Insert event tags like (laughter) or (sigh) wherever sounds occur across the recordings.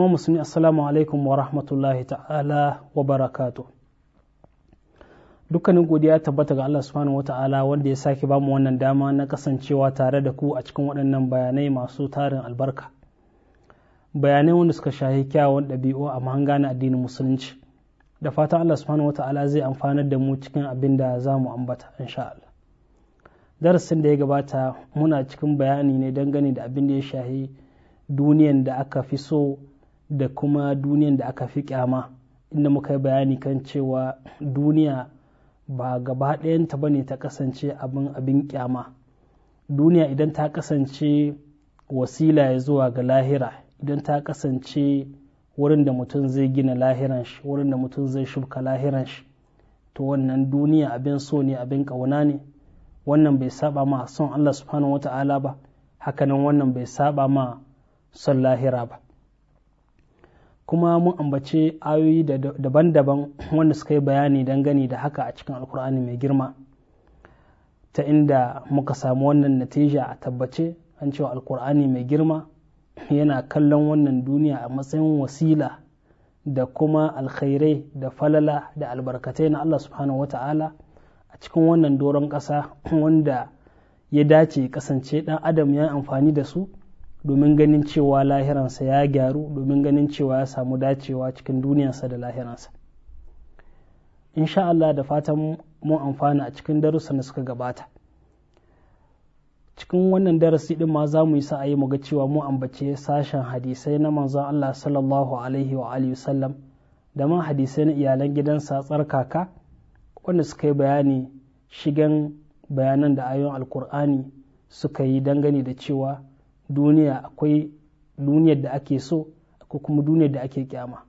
yan musulmi assalamu alaikum wa rahmatullahi ta'ala wa barakatu dukkanin godiya tabbata ga Allah subhanahu wata'ala wanda ya sake bamu wannan dama na kasancewa tare da ku a cikin waɗannan bayanai masu tarin albarka bayanai wanda suka shahi kyawun ɗabi'u a mahanga na addinin musulunci da fatan Allah subhanahu wata'ala zai amfana da mu cikin abin da za mu ambata insha Allah darasin da ya gabata muna cikin bayani ne dangane da abin da ya shahi duniyan da aka fi so da kuma duniyan da aka fi kyama inda muka yi bayani kan cewa duniya ba gaba ɗayanta ba ne ta kasance abin abin kyama duniya idan ta kasance wasila ya zuwa ga lahira idan ta kasance wurin da mutum zai gina lahiran shi wurin da mutum zai shuka lahiran shi to wannan duniya abin so ne abin ƙauna ne wannan bai saba ma son Allah subhanahu wata'ala ba hakanan wannan bai saba ma son lahira ba kuma mun ambace ayoyi daban-daban wanda suka yi bayani dangane da haka a cikin alkur'ani mai girma ta inda muka samu wannan natija a tabbace an cewa alkur'ani mai girma yana kallon wannan duniya a matsayin wasila da kuma alkhairai da falala da albarkatai na Allah subhanahu wa ta'ala a cikin wannan doron ƙasa wanda ya dace kasance ɗan adam ya amfani da su domin ganin cewa lahiransa ya gyaru domin ganin cewa ya samu dacewa cikin duniyarsa da lahiransa insha Allah da fatan mun amfana a cikin darussan da suka gabata cikin wannan darasi din ma za mu yi sa'ayi mu ga cewa mu ambace sashen hadisai na manzon Allah sallallahu alaihi wa alihi sallam da ma hadisai na iyalan gidansa tsarkaka wanda suka yi bayani shigan bayanan da ayoyin alkur'ani suka yi dangane da cewa duniya akwai duniyar da ake so ko kuma duniyar da ake kyama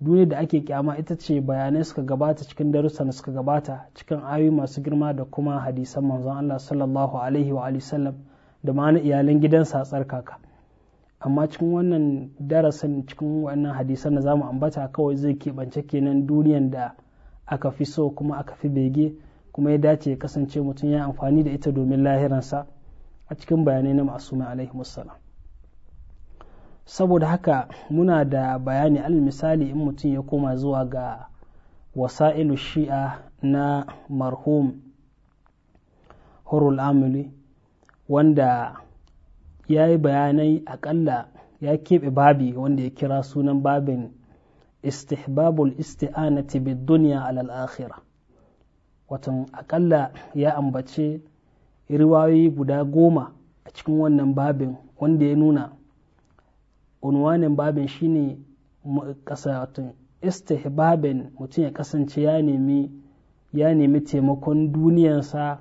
duniyar da ake kyama ita ce bayanai suka gabata cikin darussan suka gabata cikin ayoyi masu girma da kuma hadisan manzon Allah sallallahu alaihi wa sallam da ma'ana iyalan gidansa a tsarkaka amma cikin wannan darasin cikin wannan hadisan da zamu ambata kawai zai keɓance kenan duniyar da aka fi so kuma aka fi bege kuma ya dace ya kasance mutum ya amfani da ita domin lahiransa a cikin bayanai na masumi alaihi wassalam saboda haka muna da bayani al misali in mutum ya koma zuwa ga wasa'ilu shi'a na marhum horul amuli wanda ya yi bayanai akalla ya keɓe babi wanda ya kira sunan babin istihbabul isti'anati bid duniya alal akhirah watan akalla ya ambace riwayoyi guda goma a cikin wannan babin wanda ya nuna unwanin babin shine kasatun istihbabin mutum ya kasance ya nemi ya nemi taimakon duniyansa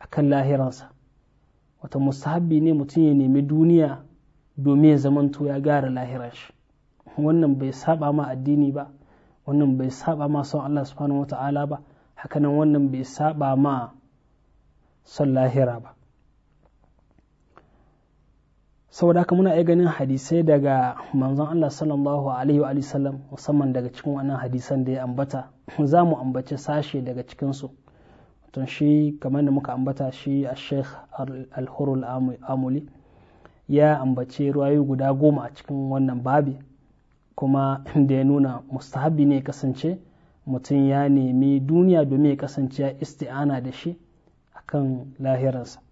a kan lahiransa wata musahabi ne mutum ya nemi duniya domin ya zamanto ya gara lahiran shi wannan bai saba ma addini ba wannan bai saba ma son Allah subhanahu wata'ala ba hakanan wannan bai saba ma son lahira ba saboda haka muna iya ganin hadisai daga manzon Allah sallallahu alaihi wa sallam musamman daga cikin wannan hadisan da ya ambata za mu ambace sashe daga cikinsu tun shi kamar da muka ambata shi a sheikh al-hurul amuli ya ambace ruwayoyi guda goma a cikin wannan babi kuma da ya nuna mustahabi ne kasance mutum ya nemi duniya domin ya kasance ya isti'ana da shi kan lahirarsa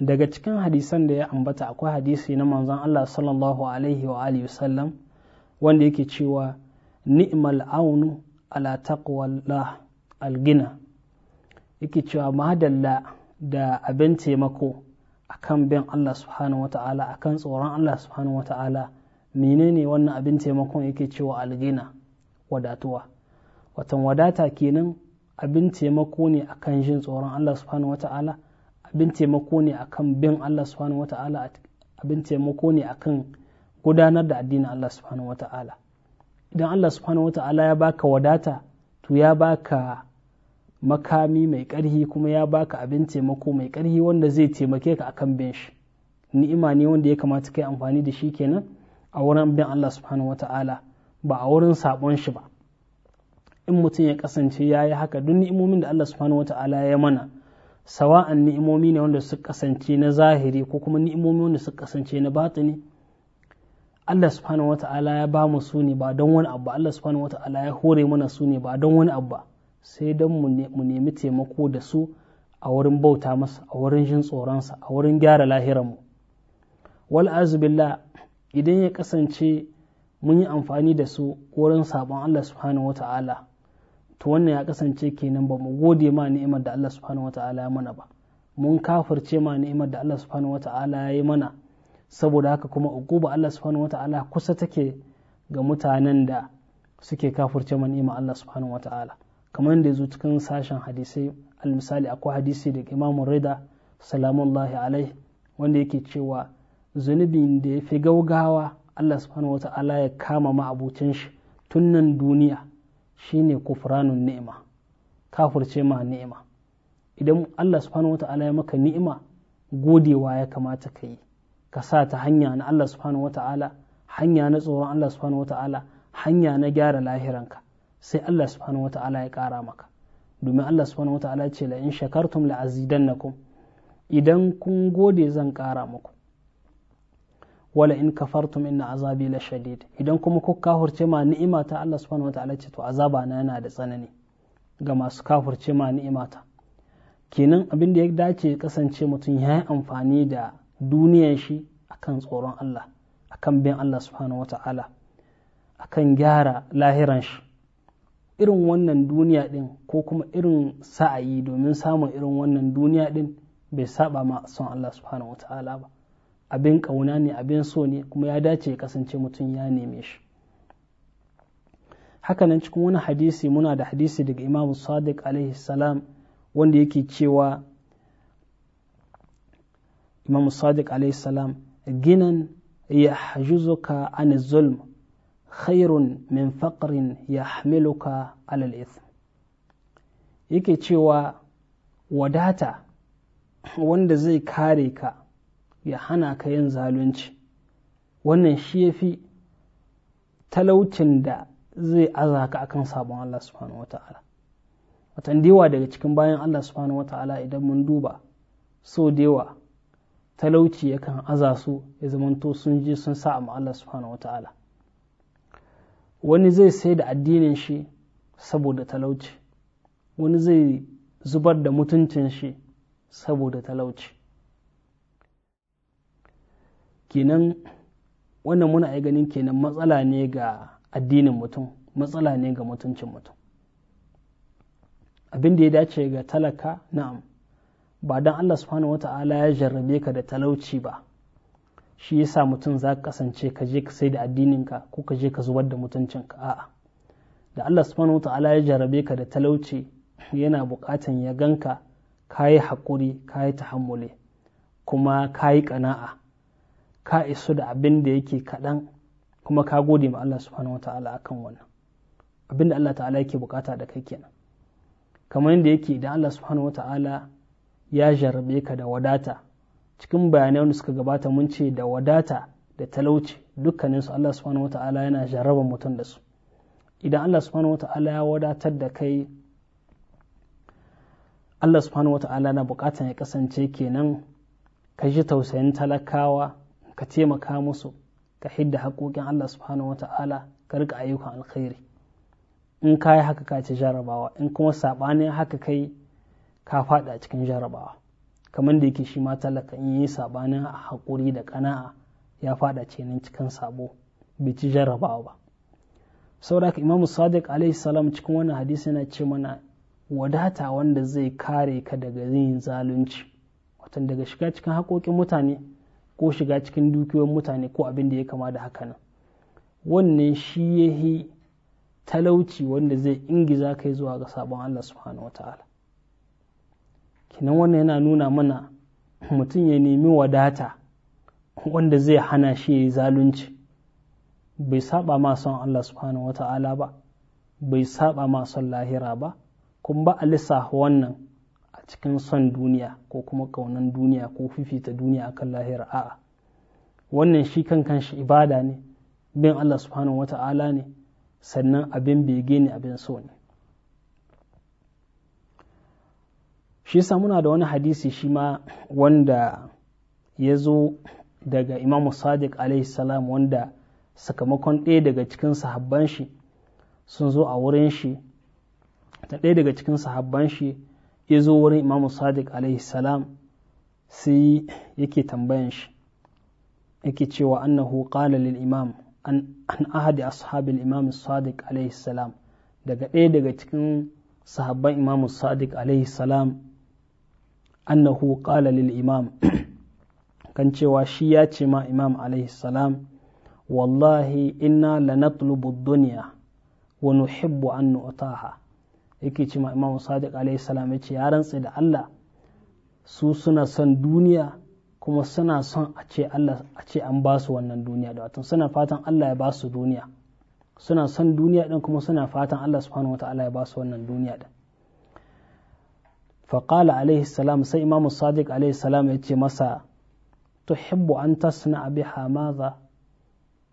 daga cikin hadisan da ya ambata akwai hadisi na manzon Allah sallallahu alaihi wa alihi wasallam wanda yake cewa ni'mal aunu ala taqwallah algina yake cewa madalla da abin taimako akan bin Allah subhanahu wata'ala akan tsoron Allah subhanahu wata'ala menene wannan abin taimakon yake cewa algina wadatuwa watan wadata kenan abin taimako ne akan jin tsoron Allah subhanahu wata'ala abin taimako ne akan bin Allah subhanahu wata'ala abin taimako ne akan gudanar da addinin Allah subhanahu wata'ala idan Allah subhanahu wata'ala ya baka wadata to ya baka makami mai ƙarfi kuma ya baka abin taimako mai ƙarfi wanda zai taimake ka akan bin shi ni'ima ne wanda ya kamata kai amfani da shi kenan a wurin bin Allah subhanahu wata'ala ba a wurin sabon shi ba in mutum ya kasance ya yi haka duk ni'imomin da Allah subhanahu ta'ala ya mana sawa'an ni'imomi ne wanda suka kasance na zahiri ko kuma ni'imomi wanda suka kasance na batini Allah subhanahu ta'ala ya ba mu su ne ba don wani abu Allah subhanahu ta'ala ya hore mana su ne ba don wani abu sai don mu nemi taimako da su a wurin bauta masa a wurin jin tsoronsa a wurin gyara lahiranmu wal azubillah idan ya kasance mun yi amfani da su wurin sabon Allah subhanahu ta'ala to wannan ya kasance kenan ba mu gode ma ni'imar da Allah subhanahu wata'ala ya mana ba mun kafirce ma ni'imar da Allah subhanahu wata'ala ya yi mana saboda haka kuma uguba Allah subhanahu wata'ala kusa take ga mutanen da suke kafirce ma ni'imar Allah subhanahu wata'ala kamar da yazo cikin sashen hadisai almisali akwai hadisi daga Imam Rida salamullahi alaihi wanda yake cewa zunubin da ya fi gaugawa Allah subhanahu wata'ala ya kama ma shi tun duniya shine kufranun ni'ima kafurce ma ni'ima idan Allah subhanahu wata'ala ya maka ni'ima godewa ya kamata ka yi ka sa ta hanya na Allah subhanahu wata'ala hanya na tsoron Allah subhanahu wata'ala hanya na gyara lahiranka sai Allah subhanahu wata'ala ya kara maka domin Allah subhanahu wata'ala ce la in shakartum la azidannakum idan kun gode zan kara muku wala in kafartum inna azabi la shadid idan kuma ku kafurce ma ni'ima ta Allah subhanahu wataala ce to azaba na yana da tsanani ga masu kafurce ma ni'imata kenan abin da ya dace kasance mutum ya yi amfani da duniyan shi akan tsoron Allah akan bin Allah subhanahu wataala akan gyara lahiran shi irin wannan duniya din ko kuma irin sa'ayi domin samun irin wannan duniya din bai saba ma son Allah subhanahu wataala ba abin ƙauna ne abin so ne kuma ya dace ya kasance mutum ya neme shi hakanan cikin wani hadisi muna da hadisi daga imam sadiq alaihi salam wanda yake cewa imam sadiq alaihi salam ginan ya hajuzuka an zulm khairun min faqrin ya hamiluka alal yake cewa wadata wanda zai kare ka ya hana ka yin zalunci wannan shi ya fi talaucin da zai aza ka akan sabon Allah subhanahu wa ta'ala watan dewa daga cikin bayan Allah subhanahu wa ta'ala idan mun duba so dewa talauci yakan aza su ya zamanto sun je sun sa ma Allah subhanahu wa ta'ala wani zai sai da addinin shi saboda talauci wani zai zubar da mutuncin shi saboda talauci kenan wannan muna ai ganin kenan matsala ne ga addinin mutum matsala ne ga mutuncin mutum abin da ya dace ga talaka na'am ba don Allah subhanahu wata'ala ya jarrabe ka da talauci ba shi yasa mutum za ka kasance ka je ka sai da addininka ko ka je ka zubar da mutuncinka a'a da Allah subhanahu wata'ala ya jarrabe ka da talauci yana bukatan ya ganka ka yi haƙuri ka yi tahammule kuma ka yi ƙana'a ka isu da abin da yake kaɗan kuma ka gode ma Allah subhanahu wata'ala akan wannan abin da Allah ta'ala yake bukata da kai kenan kamar yadda yake idan Allah subhanahu wata'ala ya jarrabe ka da wadata cikin bayanai wanda suka gabata mun ce da wadata da talauci dukkaninsu Allah subhanahu wata'ala yana jarabar mutum da su idan Allah subhanahu wata'ala ya wadatar da kai Allah subhanahu wata'ala na bukatan ya kasance kenan ka ji tausayin talakawa ka taimaka musu ka hidda haƙoƙin Allah subhanahu wa ta'ala ka rika ayyukan alkhairi in ka yi haka ka ci jarabawa in kuma saɓanin haka kai ka faɗi a cikin jarabawa kamar da yake shi ma talaka in yi saɓanin a haƙuri da ƙana'a ya faɗa ce nan cikin sabo bai ci jarabawa ba saboda imamu sadiq alaihi salam cikin wannan hadisi yana ce mana wadata wanda zai kare ka daga yin zalunci watan daga shiga cikin haƙoƙin mutane ko shiga cikin dukiyoyin mutane ko abin da ya kama da haka nan wannan shi yahi talauci wanda zai ingiza kai zuwa ga sabon Allah subhanahu wata'ala kinan wannan yana nuna mana mutum ya nemi wadata wanda zai hana shi ya yi zalunci bai saba ma son Allah subhanahu wata'ala ba bai saba ma son lahira ba kuma ba a lissafa wannan cikin son duniya ko kuma kaunan duniya ko fifita duniya akan lahira a'a wannan shi kan kanshi ibada ne bin Allah subhanahu wa Ta'ala ne sannan abin bege ne abin so ne shi yasa muna da wani hadisi shi ma wanda ya zo daga imamu sadiq alaihi salam wanda sakamakon ɗaya daga cikin sahabban shi sun zo a wurin shi ta ɗaya daga cikin sahabban shi ya zo wurin imamu sadiq alaihi salam sai yake tambayan shi yake cewa annahu qala lil imam an ahadi ashabil imam sadiq alaihi salam daga ɗaya daga cikin sahabban imamu sadiq alaihi salam annahu qala lil imam (clears throat) kan cewa shi ya ce ma imam alaihi salam wallahi inna lanatlubu dunya wa nuhibbu an nu'taha yake ce ma imamu sadiq alaihi salam ya ce ya rantse da Allah su suna son duniya kuma suna son a ce Allah a ce an ba su wannan duniya da wato suna fatan Allah ya ba su duniya suna son duniya din kuma suna fatan Allah subhanahu wataala ya ba su wannan duniya din faqala alaihi salam sai imam sadiq alaihi salam ya ce masa tuhibu an tasna biha madha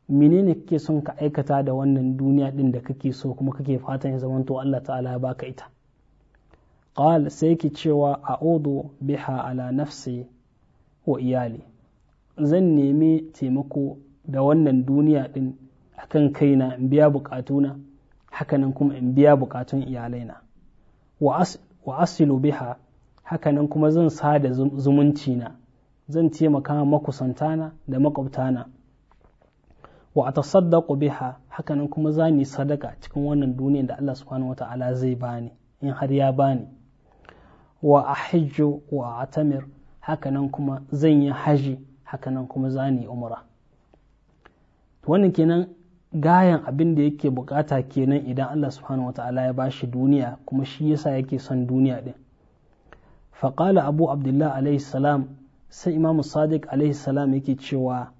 menene kake son ka aikata da wannan duniya din da kake so kuma kake fatan ya zamanto Allah ta'ala ya baka ita qal sai ki cewa a'udhu biha ala nafsi wa iyali zan nemi taimako da wannan duniya din akan kaina in biya bukatuna hakanan kuma in biya bukatun iyalaina wa asilu biha hakanan kuma zan sada zumunci na zan taimaka makusantana da makwabtana wa a tasaddaqu biha hakanan kuma za ni sadaka cikin wannan duniyar da Allah subhanahu wata'ala zai bani in har ya bani wa a hajju wa a atamir hakanan kuma zan yi haji hakanan kuma za ni umra wannan kenan gayan abin da yake bukata kenan idan Allah subhanahu wata'ala ya bashi duniya kuma shi yasa yake son duniya din faqala abu abdullah alayhi salam sai imamu sadiq alayhi salam yake cewa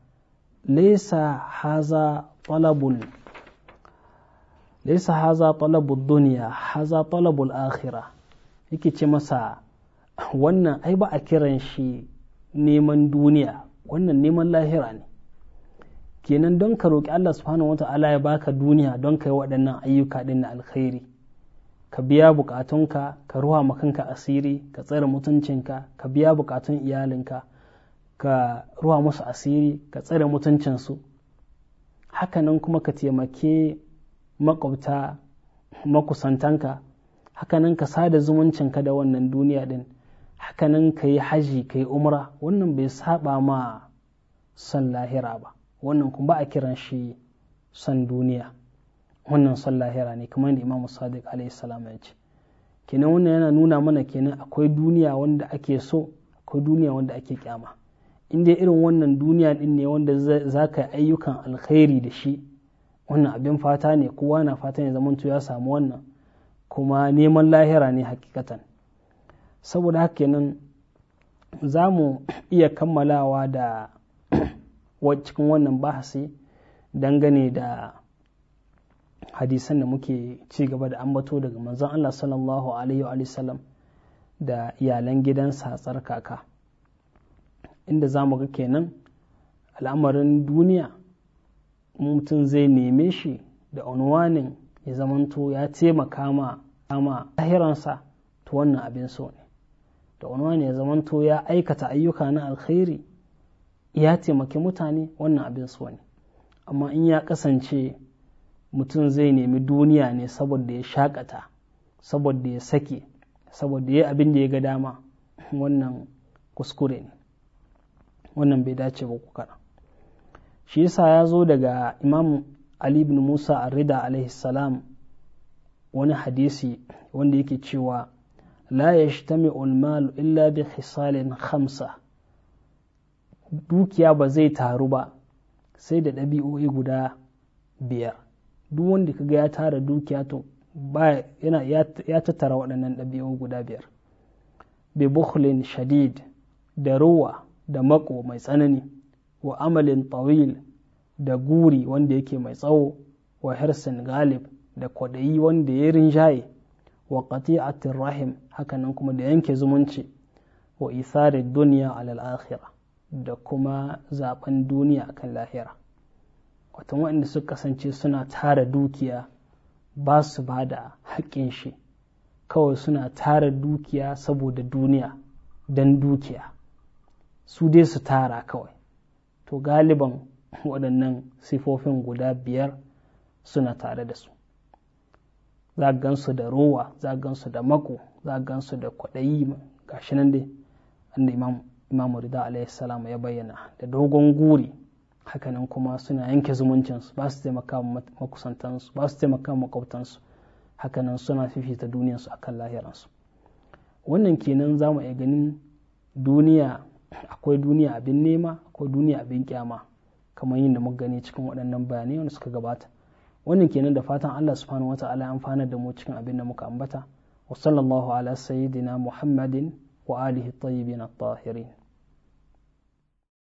laisa haza talabul laisa haza talabul duniya haza talabul akhira yake ce masa wannan ai ba a kiran shi neman duniya wannan neman lahira ne kenan don ka roƙi Allah subhanahu wata'ala ya baka duniya don ka yi waɗannan ayyuka ɗin na alkhairi ka biya bukatunka ka ruwa ma kanka asiri ka tsare mutuncinka ka biya bukatun iyalinka ka ruwa musu asiri ka tsare mutuncinsu hakanan kuma ka taimake makwabta makusantanka hakanan ka sada zumuncinka da wannan duniya din hakanan ka yi haji ka yi umra wannan bai saba ma son lahira ba wannan kuma ba a kiran shi son duniya wannan son lahira ne kamar da imamu sadiq alaihi salam ya ce kenan wannan yana nuna mana kenan akwai duniya wanda ake so akwai duniya wanda ake kyama in dai irin wannan duniya din ne wanda za ka yi ayyukan alkhairi da shi wannan abin fata ne kowa na fata ne zamanto ya samu wannan kuma neman lahira ne hakikatan saboda haka kenan za mu (clears throat) iya kammalawa da (clears throat) cikin wannan bahasi dangane da hadisan da muke ci gaba da ambato daga manzon Allah sallallahu alaihi wa sallam da iyalan gidansa tsarkaka inda za mu ga kenan al'amarin duniya mutum zai neme shi da unwanin ya zamanto ya taimaka ma kama tahiransa ta wannan abin so ne da unwanin ya zamanto ya aikata ayyuka na alkhairi ya taimaki mutane wannan abin so ne amma in ya kasance mutum zai nemi duniya ne saboda ya shakata saboda ya sake saboda ya abin da ya ga dama wannan kuskure ne wannan bai dace ba ku shi yasa ya zo daga imam ali ibn musa arrida alaihi salam wani hadisi wanda yake cewa la yajtami'u al-mal illa bi khisalin khamsa dukiya ba zai taru ba sai da ɗabi'o'i guda biyar duk wanda kaga ya tara dukiya to yana ya tattara waɗannan ɗabi'u guda biyar bi bukhlin shadid da ruwa da mako mai tsanani wa amalin tawil da guri wanda yake mai tsawo wa hirsin galib da kwaɗayi wanda ya rinjaye wa qati'atir rahim hakanan kuma da yanke zumunci wa isarar duniya alal akhirah da kuma zaben duniya akan lahira watan waɗanda suka kasance suna tara dukiya ba su ba da haƙƙin shi kawai suna tara dukiya saboda duniya don dukiya su dai su tara kawai to galiban waɗannan sifofin guda biyar suna tare da su za gansu da rowa za gansu da mako za gansu da kwaɗayi ga shi nan dai wanda imam imamu rida alaihissalam ya bayyana da dogon guri hakanan kuma suna yanke zumuncinsu ba su taimaka makusantansu ba su taimaka makwabtansu hakanan suna fifita duniyarsu akan lahiransu wannan kenan za mu iya ganin duniya akwai duniya abin nema akwai duniya abin kyama kamar yin da muka gani cikin waɗannan bayanai wanda suka gabata wannan kenan da fatan Allah subhanahu wataala ya amfana da mu cikin abin da muka ambata wa sallallahu ala sayyidina muhammadin wa alihi tayyibin at-tahirin